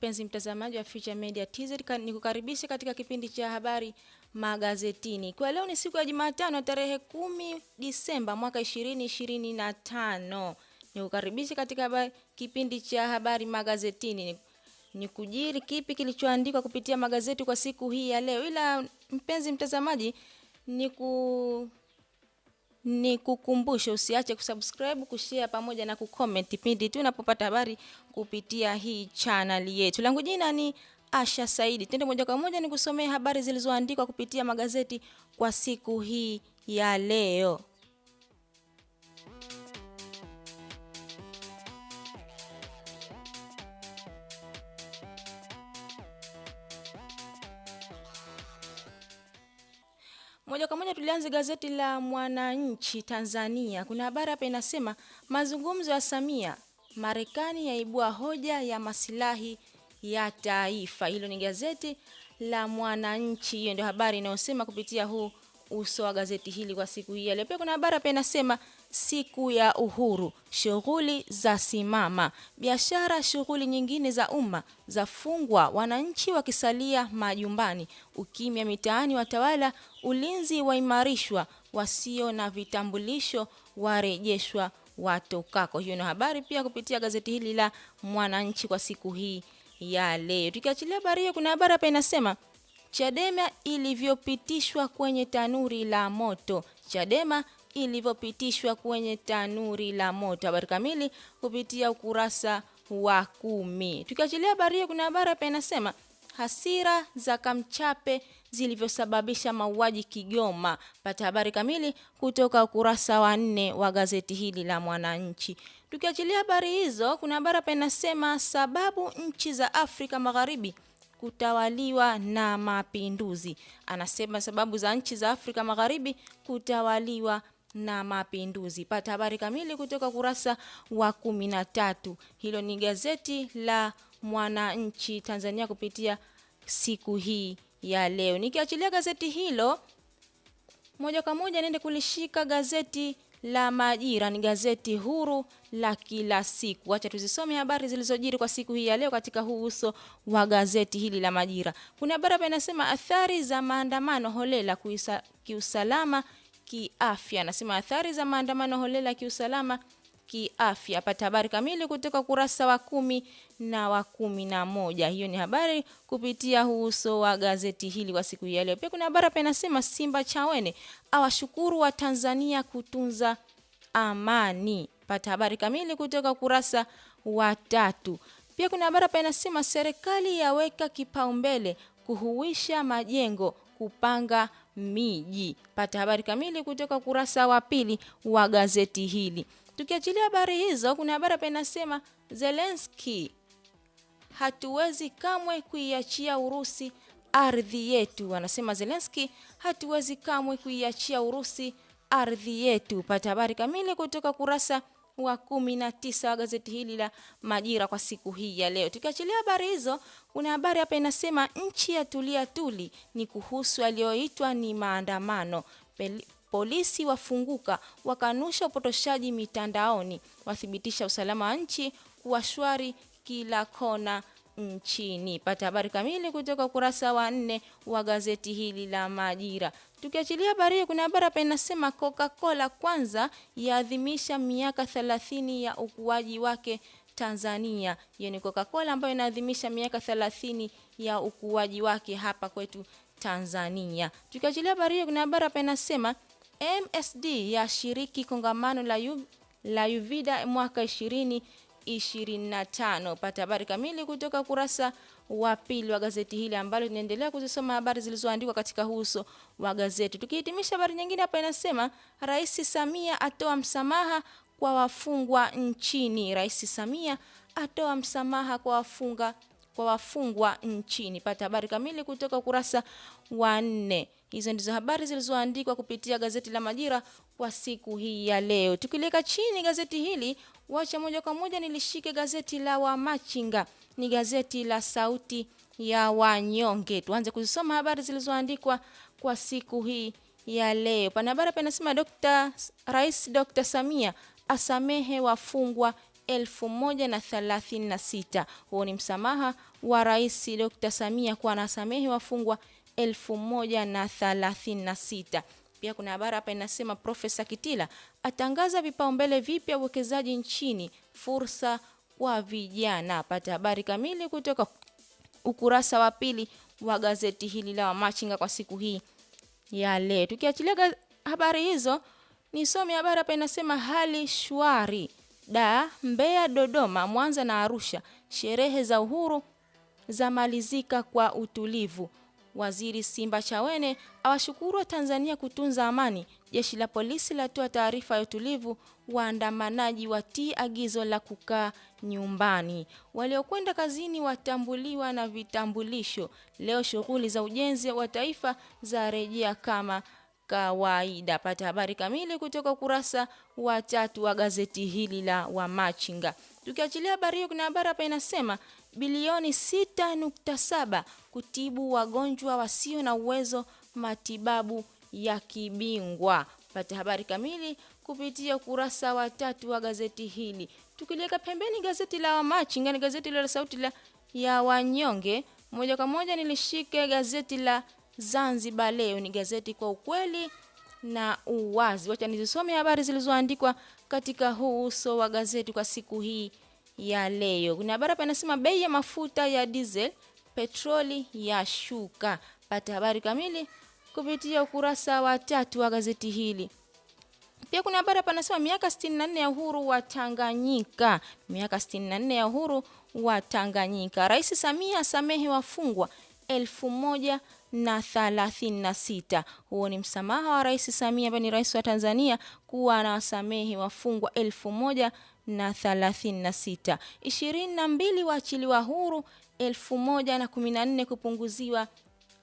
mpenzi mtazamaji wa Future Media TZ, nikukaribisha katika kipindi cha habari magazetini. Kwa leo ni siku ya Jumatano tarehe kumi Disemba mwaka 2025. Nikukaribisha katika habari, kipindi cha habari magazetini ni kujiri kipi kilichoandikwa kupitia magazeti kwa siku hii ya leo. Ila mpenzi mtazamaji, ni ni kukumbushe usiache kusubscribe, kushare pamoja na kucomment pindi tu unapopata habari kupitia hii channel yetu. Langu jina ni Asha Saidi. tende moja kwa moja nikusomee habari zilizoandikwa kupitia magazeti kwa siku hii ya leo. Moja kwa moja tulianze gazeti la Mwananchi Tanzania. Kuna habari hapa inasema mazungumzo ya Samia, Marekani yaibua hoja ya masilahi ya taifa. Hilo ni gazeti la Mwananchi. Hiyo ndio habari inayosema kupitia huu uso wa gazeti hili kwa siku hii yaleo leo. Pia kuna habari pia inasema siku ya uhuru, shughuli za simama, biashara, shughuli nyingine za umma zafungwa, wananchi wakisalia majumbani, ukimya mitaani watawala, ulinzi waimarishwa, wasio na vitambulisho warejeshwa watokako. Hiyo ni habari pia kupitia gazeti hili la Mwananchi kwa siku hii ya leo. Tukiachilia habari hiyo, kuna habari hapa inasema Chadema ilivyopitishwa kwenye tanuri la moto. Chadema ilivyopitishwa kwenye tanuri la moto. Habari kamili kupitia ukurasa wa kumi. Tukiachilia habari hiyo, kuna habari hapa inasema hasira za Kamchape zilivyosababisha mauaji Kigoma. Pata habari kamili kutoka ukurasa wa nne wa gazeti hili la Mwananchi. Tukiachilia habari hizo, kuna habari hapa inasema sababu nchi za Afrika Magharibi kutawaliwa na mapinduzi. Anasema sababu za nchi za Afrika Magharibi kutawaliwa na mapinduzi. Pata habari kamili kutoka kurasa wa kumi na tatu. Hilo ni gazeti la Mwananchi Tanzania kupitia siku hii ya leo. Nikiachilia gazeti hilo moja kwa moja niende kulishika gazeti la Majira, ni gazeti huru la kila siku. Acha tuzisome habari zilizojiri kwa siku hii ya leo katika huu uso wa gazeti hili la Majira. Kuna habari ambayo inasema athari za maandamano holela kiusalama kiafya, anasema athari za maandamano holela kiusalama kiafya. Pata habari kamili kutoka kurasa wa kumi na wa kumi na moja. Hiyo ni habari kupitia uso wa gazeti hili kwa siku ya leo. Pia kuna habari hapa inasema Simba Chawene awashukuru wa Tanzania kutunza amani. Pata habari kamili kutoka kurasa wa tatu. Pia kuna habari hapa inasema serikali yaweka kipaumbele kuhuisha majengo kupanga miji. Pata habari kamili kutoka kurasa wa pili wa gazeti hili. Tukiachilia habari hizo, kuna habari hapa inasema Zelensky, hatuwezi kamwe kuiachia Urusi ardhi yetu. Anasema Zelensky, hatuwezi kamwe kuiachia Urusi ardhi yetu. Pata habari kamili kutoka kurasa wa kumi na tisa wa gazeti hili la Majira kwa siku hii ya leo. Tukiachilia habari hizo, kuna habari hapa inasema nchi ya tulia tuli ni kuhusu aliyoitwa ni maandamano polisi wafunguka, wakanusha upotoshaji mitandaoni, wathibitisha usalama wa nchi kuwa shwari kila kona nchini. Pata habari kamili kutoka ukurasa wa nne wa gazeti hili la Majira. Tukiachilia habari hiyo, kuna habari hapa inasema Coca-Cola kwanza yaadhimisha miaka 30 ya ukuaji wake Tanzania. Hiyo ni Coca-Cola ambayo inaadhimisha miaka 30 ya ukuaji wake hapa kwetu Tanzania. Tukiachilia habari hiyo, kuna habari hapa inasema MSD yashiriki kongamano la, U, la Uvida mwaka 2025. Pata habari kamili kutoka kurasa wa pili wa gazeti hili ambalo tunaendelea kuzisoma habari zilizoandikwa katika uso wa gazeti. Tukihitimisha habari nyingine hapa inasema Rais Samia atoa msamaha kwa wafungwa nchini. Rais Samia atoa msamaha kwa wafunga kwa wafungwa nchini. Pata habari kamili kutoka ukurasa wa nne. Hizo ndizo habari zilizoandikwa kupitia gazeti la Majira kwa siku hii ya leo. Tukiliweka chini gazeti hili, wacha moja kwa moja nilishike gazeti la Wamachinga, ni gazeti la Sauti ya Wanyonge. Tuanze kuzisoma habari zilizoandikwa kwa siku hii ya leo. Pana habari panasema Dr. Rais Dr. Samia asamehe wafungwa elfu moja na na sita. Huo ni msamaha wa Rais Dr. Samia kwa anasamehe wafungwa elfu moja na na sita. Pia kuna habari hapa inasema Profesa Kitila atangaza vipaumbele vipya uwekezaji nchini, fursa kwa vijana. Apata habari kamili kutoka ukurasa wa pili wa gazeti hili la Wamachinga kwa siku hii ya leo. Tukiachilia habari hizo, nisome habari hapa inasema hali shwari da Mbeya, Dodoma, Mwanza na Arusha, sherehe za uhuru zamalizika kwa utulivu. Waziri Simba Chawene awashukuru wa Tanzania kutunza amani. Jeshi la polisi latoa taarifa ya utulivu, waandamanaji watii agizo la kukaa nyumbani. Waliokwenda kazini watambuliwa na vitambulisho. Leo shughuli za ujenzi wa taifa za rejea kama kawaida. Pata habari kamili kutoka ukurasa wa tatu wa gazeti hili la Wamachinga. Tukiachilia habari hiyo, kuna habari hapa inasema bilioni 6.7 kutibu wagonjwa wasio na uwezo matibabu ya kibingwa. Pata habari kamili kupitia ukurasa wa tatu wa gazeti hili. Tukiliweka pembeni gazeti la Wamachinga, ni gazeti la sauti la ya wanyonge, moja kwa moja nilishike gazeti la Zanzibar Leo, ni gazeti kwa ukweli na uwazi. Wacha nizisome habari zilizoandikwa katika huu uso wa gazeti kwa siku hii ya leo. Kuna habari hapa inasema bei ya mafuta ya diesel, petroli ya shuka. Pata habari kamili kupitia ukurasa wa tatu wa gazeti hili. Pia kuna habari hapa inasema miaka 64 ya uhuru wa Tanganyika, miaka 64 ya uhuru wa Tanganyika. Rais Samia samehe wafungwa elfu moja na thalathini na sita. Huo ni msamaha wa Rais Samia ambaye ni rais wa Tanzania kuwa anawasamehe wafungwa elfu moja na na mbili waachiliwa huru nne kupunguziwa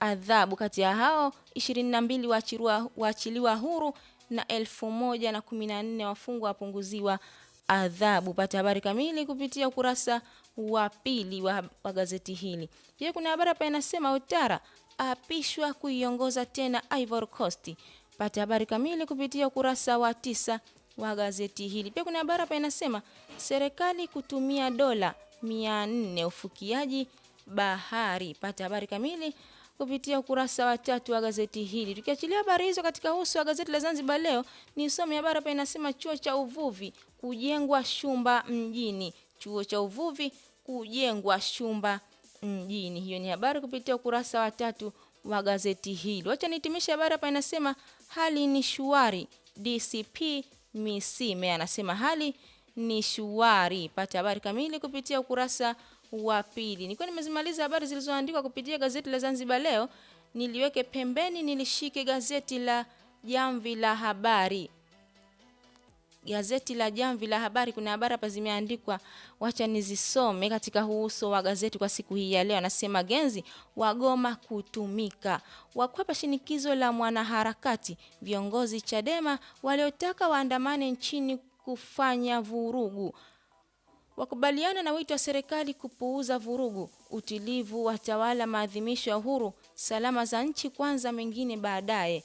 adhabu. Kati ya hao 22 waachiliwa huru na nne wafungwa wapunguziwa adhabu. Pata habari kamili kupitia ukurasa wa pili wa, wa gazeti hili. Je, kuna habari hapa inasema Utara apishwa kuiongoza tena Ivory Coast. Pata habari kamili kupitia ukurasa wa tisa wa gazeti hili. Pia kuna habari hapa inasema serikali kutumia dola 400 ufukiaji bahari. Pata habari kamili kupitia ukurasa wa tatu wa gazeti hili. Tukiachilia habari hizo katika uso wa gazeti la Zanzibar Leo, ni some habari hapa inasema chuo cha uvuvi kujengwa Shumba mjini. Chuo cha uvuvi kujengwa Shumba mjini. Hiyo ni habari kupitia ukurasa wa tatu wa gazeti hili. Wacha nihitimishe habari hapa inasema hali ni shwari, DCP Misime anasema hali ni shwari. Pata habari kamili kupitia ukurasa wa pili. Nilikuwa nimezimaliza habari zilizoandikwa kupitia gazeti la Zanzibar Leo, niliweke pembeni, nilishike gazeti la Jamvi la Habari gazeti la Jamvi la Habari, kuna habari hapa zimeandikwa, wacha nizisome katika uso wa gazeti kwa siku hii ya leo. Anasema genzi wagoma kutumika, wakwepa shinikizo la mwanaharakati, viongozi Chadema waliotaka waandamane nchini kufanya vurugu wakubaliana na wito wa serikali kupuuza vurugu. Utulivu watawala maadhimisho ya uhuru. Salama za nchi kwanza, mengine baadaye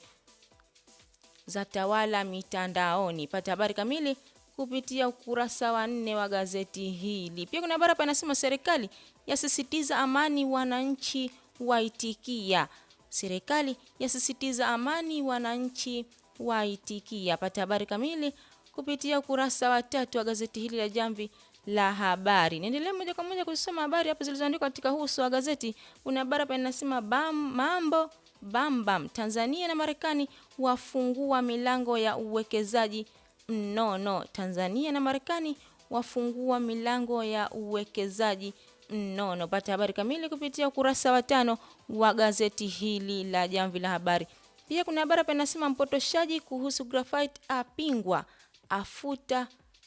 za tawala mitandaoni. Pata habari kamili kupitia ukurasa wa nne wa gazeti hili. Pia kuna habari hapa inasema, serikali yasisitiza amani, wananchi waitikia. Serikali yasisitiza amani, wananchi waitikia. Pata habari kamili kupitia ukurasa wa tatu wa gazeti hili la Jamvi la Habari. Niendelee moja kwa moja kusoma habari hapa zilizoandikwa katika huso wa gazeti. Kuna habari hapa inasema mambo bam Bam. Tanzania na Marekani wafungua milango ya uwekezaji mnono. Tanzania na Marekani wafungua milango ya uwekezaji mnono. Pata habari kamili kupitia ukurasa wa tano wa gazeti hili la Jamvi la Habari. Pia kuna habari hapa inasema mpotoshaji kuhusu graphite apingwa, afuta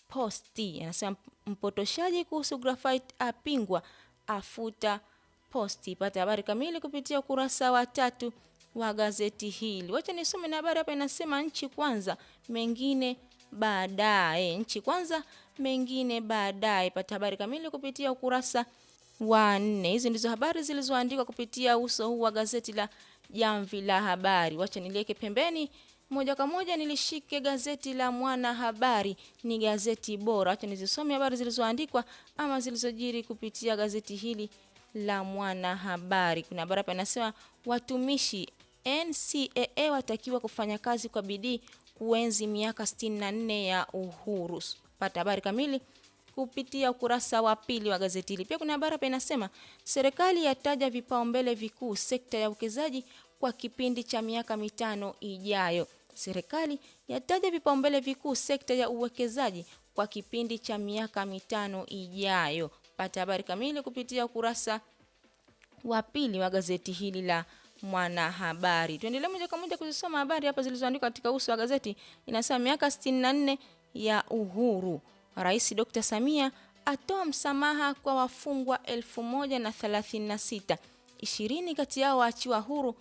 posti. Anasema mpotoshaji kuhusu graphite apingwa, afuta posti. Pata habari kamili kupitia ukurasa wa tatu wa gazeti hili. Wacha nisome na habari hapa, inasema nchi kwanza, mengine baadaye. Nchi kwanza, mengine baadaye. Pata habari kamili kupitia ukurasa wa nne. Hizi ndizo habari zilizoandikwa kupitia uso huu wa gazeti la Jamvi la Habari. Wacha niliweke pembeni moja kwa moja nilishike gazeti la Mwana Habari, ni gazeti bora. Acha nizisome habari zilizoandikwa ama zilizojiri kupitia gazeti hili la Mwana Habari. Kuna habari hapa inasema watumishi NCAA watakiwa kufanya kazi kwa bidii kuenzi miaka 64 ya uhuru. Pata habari kamili kupitia ukurasa wa pili wa gazeti hili. Pia kuna habari hapa inasema serikali yataja vipaumbele vikuu sekta ya uwekezaji kwa kipindi cha miaka mitano ijayo. Serikali yataja vipaumbele vikuu sekta ya uwekezaji kwa kipindi cha miaka mitano ijayo. Pata habari kamili kupitia ukurasa wa pili wa gazeti hili la Mwanahabari. Tuendelee moja kwa moja kuzisoma habari hapa zilizoandikwa katika uso wa gazeti. Inasema miaka 64 ya uhuru, Rais Dr. Samia atoa msamaha kwa wafungwa 1136, 20 kati yao waachiwa huru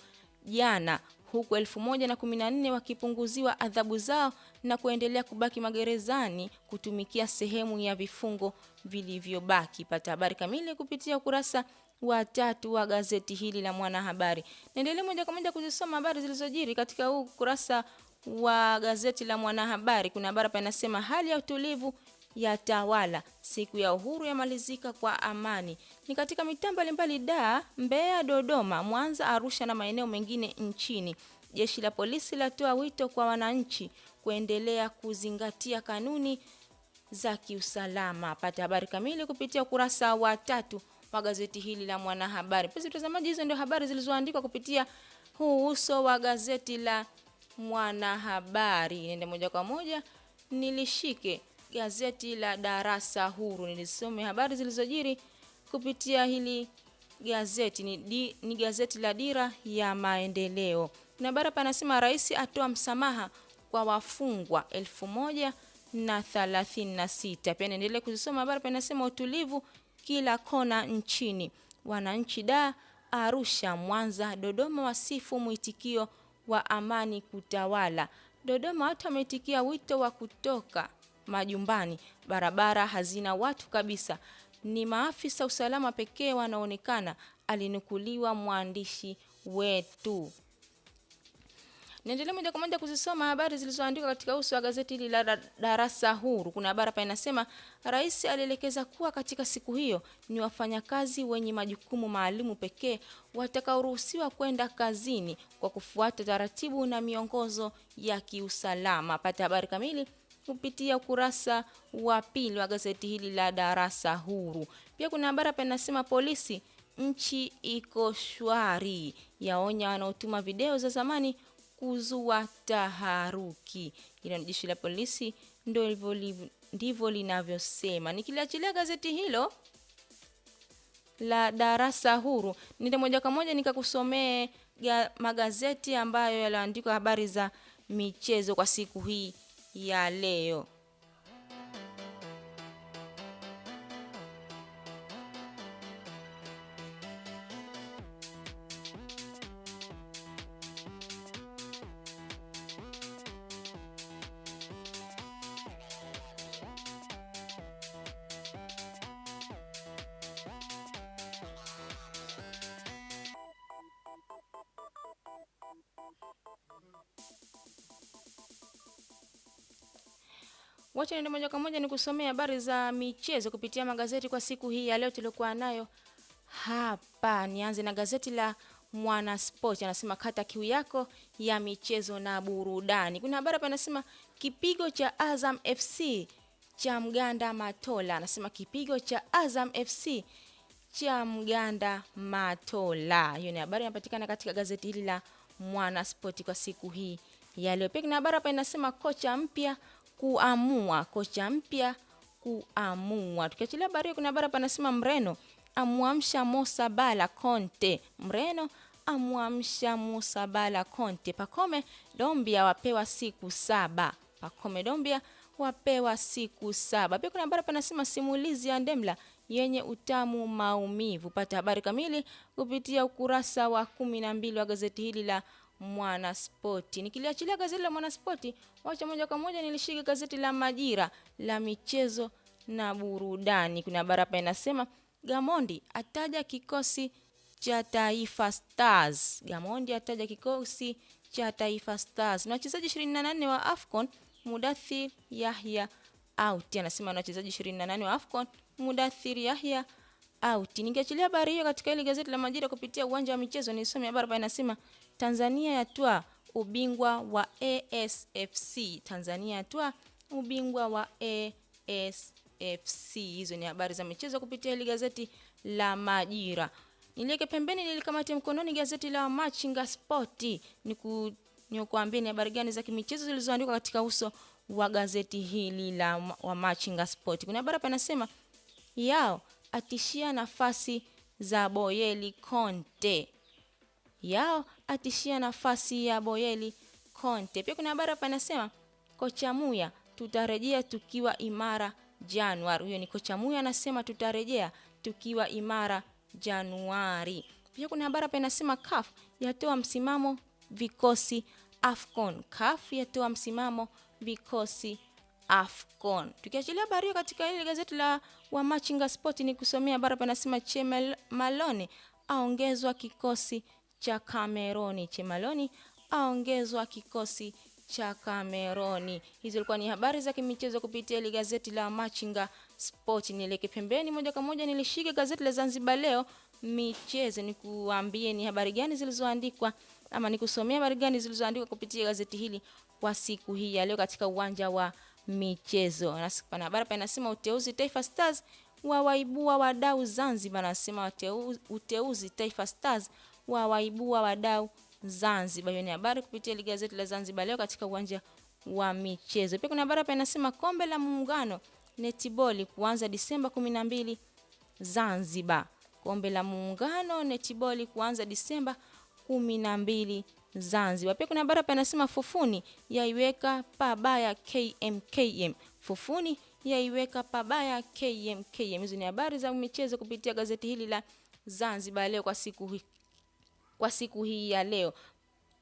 jana huku 1014 wakipunguziwa adhabu zao na kuendelea kubaki magerezani kutumikia sehemu ya vifungo vilivyobaki. Pata habari kamili kupitia ukurasa wa tatu wa gazeti hili la Mwanahabari. Niendelee moja kwa moja kuzisoma habari zilizojiri katika huu ukurasa wa gazeti la Mwanahabari. Kuna habari hapa inasema hali ya utulivu ya tawala siku ya uhuru yamalizika kwa amani. Ni katika mitaa mbalimbali da Mbeya, Dodoma, Mwanza, Arusha na maeneo mengine nchini. Jeshi la polisi latoa wito kwa wananchi kuendelea kuzingatia kanuni za kiusalama. Pata habari kamili kupitia ukurasa wa tatu wa gazeti hili la Mwanahabari. Mpenzi mtazamaji, hizo ndio habari zilizoandikwa kupitia huu uso wa gazeti la Mwanahabari. Nende moja kwa moja nilishike gazeti la Darasa Huru nilisome habari zilizojiri kupitia hili gazeti ni, di, ni gazeti la Dira ya Maendeleo na bara panasema rais atoa msamaha kwa wafungwa elfu moja na thelathini na sita. Pia naendelea kuzisoma habari, panasema utulivu kila kona nchini. Wananchi da Arusha, Mwanza, Dodoma wasifu mwitikio wa amani kutawala. Dodoma watu wameitikia wito wa kutoka majumbani, barabara hazina watu kabisa, ni maafisa usalama pekee wanaonekana, alinukuliwa mwandishi wetu. Niendelee moja kwa moja kuzisoma habari zilizoandikwa katika uso wa gazeti hili la Darasa Huru. Kuna habari hapa inasema rais alielekeza kuwa katika siku hiyo ni wafanyakazi wenye majukumu maalumu pekee watakaoruhusiwa kwenda kazini kwa kufuata taratibu na miongozo ya kiusalama. Pata habari kamili kupitia ukurasa wa pili wa gazeti hili la Darasa Huru. Pia kuna habari hapa inasema polisi, nchi iko shwari, yaonya wanaotuma video za zamani kuzua taharuki. Hilo ni jeshi la polisi, ndivyo linavyosema. Nikiliachilia gazeti hilo la darasa huru, nita moja kwa moja nikakusomee magazeti ambayo yaliandikwa habari za michezo kwa siku hii ya leo. Wacha niende moja kwa moja kusomea habari za michezo kupitia magazeti kwa siku hii ya leo tuliokuwa nayo hapa. Nianze na gazeti la Sport, anasema kata kiu yako ya michezo na burudani. Kuna habari hapa inasema kipigo cha Azam FC cha Mganda Matola, anasema kipigo cha Azam FC cha Mganda Matola. Hiyo ni habari inapatikana katika gazeti hili la Sport kwa siku hii ya leo. Pia kuna habari hapa inasema kocha mpya kuamua, kocha mpya kuamua. Tukiachilia habari, kuna habari panasema Mreno amwamsha mosabala Bala Conte. Mreno amwamsha mosabala Bala Conte. pakome Dombia wapewa siku saba. pakome Dombia wapewa siku saba. Pia kuna habari panasema simulizi ya Ndemla yenye utamu maumivu. Pata habari kamili kupitia ukurasa wa kumi na mbili wa gazeti hili la Mwanaspoti. Nikiliachilia gazeti la Mwanaspoti, wacha moja kwa moja nilishika gazeti la Majira la michezo na burudani. Kuna habari hapa inasema Gamondi ataja kikosi cha Taifa Stars. Gamondi ataja kikosi cha Taifa Stars. Na wachezaji 28 wa Afcon, mudathi Yahya out. Anasema na wachezaji 28 wa Afcon, Mudathir Yahya out. Ningeachilia habari hiyo katika ile gazeti la Majira kupitia uwanja wa michezo, nisome habari hapa inasema Tanzania yatua ubingwa wa ASFC. Tanzania yatua ubingwa wa ASFC. Hizo ni habari za michezo kupitia hili gazeti la Majira. Nilieke pembeni, nilikamate mkononi gazeti la Machinga Sporti niku ni habari gani za kimichezo zilizoandikwa katika uso wa gazeti hili la wa Machinga Sport. Kuna habari hapa inasema yao atishia nafasi za Boyeli Conte yao atishia nafasi ya Boyeli Conte. Pia kuna habari hapa inasema kocha Muya tutarejea tukiwa imara Januari. Huyo ni kocha Muya anasema tutarejea tukiwa imara Januari. Pia kuna habari hapa inasema CAF yatoa msimamo vikosi AFCON. CAF yatoa msimamo vikosi AFCON. Tukiachilia habari katika ile gazeti la Wamachinga Sport ni kusomea habari inasema Chemel Malone aongezwa kikosi cha Kameroni. Chemaloni aongezwa kikosi cha Kameroni. Hizo ilikuwa ni habari za kimichezo kupitia ile gazeti la Machinga Sport. Nieleke pembeni moja kwa moja nilishike gazeti la Zanzibar Leo michezo, nikuambie ni habari gani zilizoandikwa ama nikusomea habari gani zilizoandikwa kupitia gazeti hili kwa siku hii ya leo katika uwanja wa michezo. Na habari inasema uteuzi Taifa Stars wawaibua wadau Zanzibar, nasema uteuzi Taifa Stars wa waibua wadau Zanzibar. Hiyo ni habari kupitia ile gazeti la Zanzibar leo katika uwanja wa michezo. Pia kuna habari hapa inasema kombe la muungano netiboli kuanza Disemba 12 Zanzibar. Kombe la muungano netiboli kuanza Disemba 12 Zanzibar. Pia kuna habari hapa inasema Fufuni yaiweka pabaya KMKM. Fufuni yaiweka pabaya KMKM. Hizo ni habari za michezo kupitia gazeti hili la Zanzibar leo kwa siku hii kwa siku hii ya leo.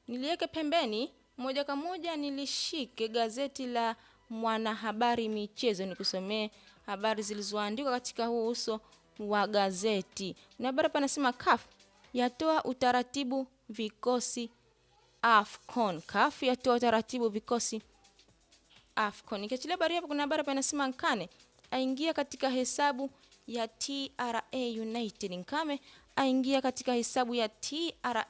Niliweke pembeni moja kwa moja, nilishike gazeti la Mwanahabari Michezo nikusomee habari zilizoandikwa katika huo uso wa gazeti. Na habari hapa nasema CAF yatoa utaratibu vikosi AFCON. CAF yatoa utaratibu vikosi AFCON. Nikiachilia habari hapo, kuna habari hapa inasema Nkane aingia katika hesabu ya TRA United. Nkame aingia katika hesabu ya TRA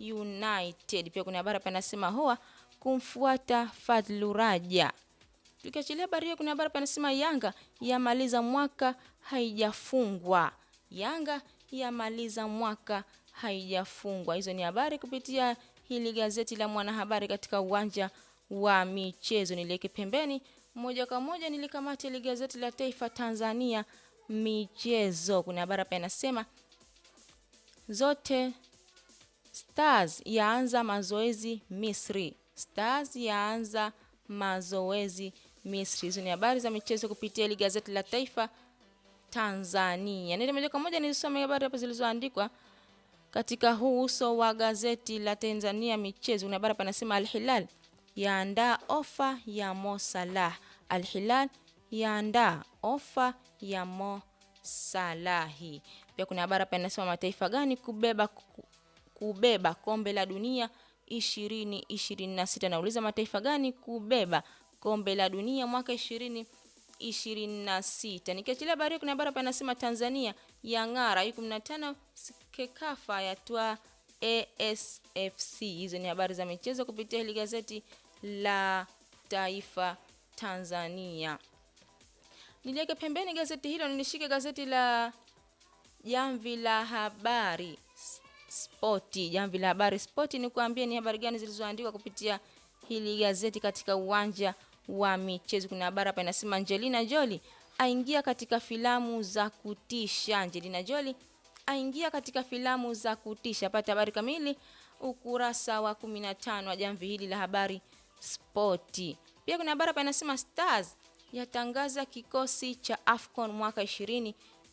United. Pia kuna habari hapa inasema hoa kumfuata Fadlu Raja. Tukiachilia habari hiyo, kuna habari hapa inasema Yanga yamaliza mwaka haijafungwa. Yanga yamaliza mwaka haijafungwa. Hizo ni habari kupitia hili gazeti la Mwanahabari katika uwanja wa michezo. Niliweke pembeni moja kwa moja, nilikamata hili gazeti la Taifa Tanzania michezo. Kuna habari hapa inasema zote. Stars yaanza mazoezi Misri. Stars yaanza mazoezi Misri. Hizo ni habari za michezo kupitia hili gazeti la Taifa Tanzania. Nende moja kwa moja nisome habari hapa zilizoandikwa katika huu uso wa gazeti la Tanzania michezo. Una habari panasema Al Hilal yaandaa ofa ya Mo Salah. Al Hilal yaandaa ofa ya Mo Salahi. Pia kuna habari hapa inasema mataifa gani kubeba kubeba kombe la dunia 2026. Nauliza mataifa gani kubeba kombe la dunia mwaka 2026. Nikiachilia habari, kuna habari hapa inasema Tanzania ya U15 Kekafa yatwa ASFC. Hizo ni habari za michezo kupitia hili gazeti la Taifa Tanzania. Niliweke pembeni gazeti hilo, nilishike gazeti la jamvi la habari spoti. Jamvi la habari spoti ni kuambia ni habari gani zilizoandikwa kupitia hili gazeti katika uwanja wa michezo. Kuna habari hapa inasema Angelina joli aingia katika filamu za kutisha. Angelina joli aingia katika filamu za kutisha. Pata habari kamili ukurasa wa 15 wa jamvi hili la habari spoti. Pia kuna habari hapa inasema Stars yatangaza kikosi cha AFCON mwaka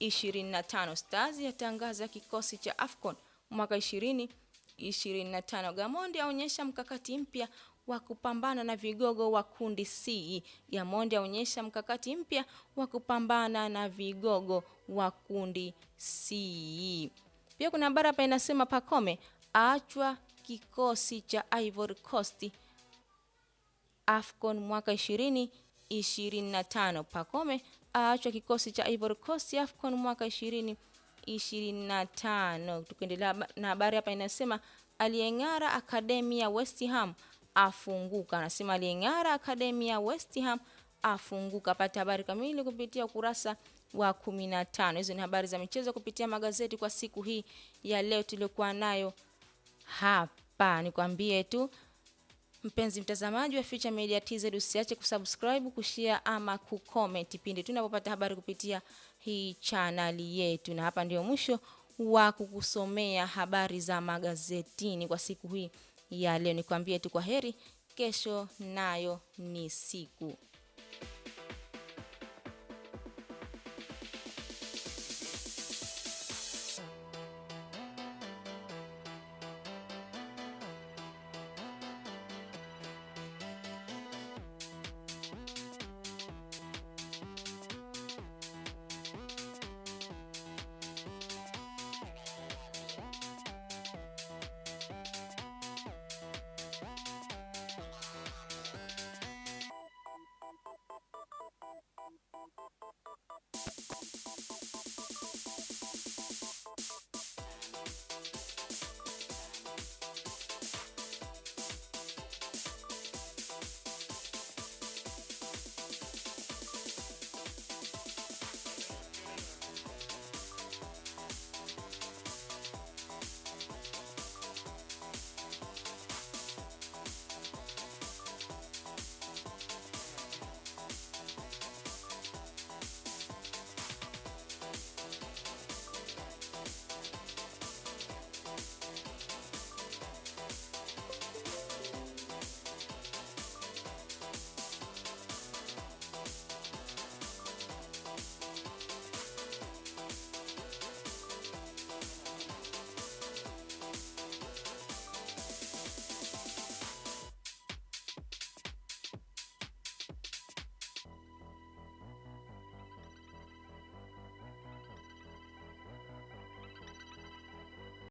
25. Stars yatangaza kikosi cha AFCON mwaka 2025. Gamondi aonyesha mkakati mpya wa kupambana na vigogo wa kundi C. Gamondi aonyesha mkakati mpya wa kupambana na vigogo wa kundi C. Pia kuna habari hapa inasema Pacome aachwa kikosi cha Ivory Coast AFCON mwaka 2025. Pacome aachwa kikosi cha Ivory Coast AFCON mwaka 2025. Tukiendelea na habari hapa inasema aliyeng'ara akademi ya West Ham afunguka. Anasema aliyeng'ara akademi ya West Ham afunguka. Pata habari kamili kupitia ukurasa wa 15. Hizo ni habari za michezo kupitia magazeti kwa siku hii ya leo tuliyokuwa nayo hapa. Nikwambie tu Mpenzi mtazamaji wa Future Media TZ, usiache kusubscribe, kushare ama kucomment pindi tunapopata habari kupitia hii chaneli yetu, na hapa ndio mwisho wa kukusomea habari za magazetini kwa siku hii ya leo. Nikwambie tu kwa heri, kesho nayo ni siku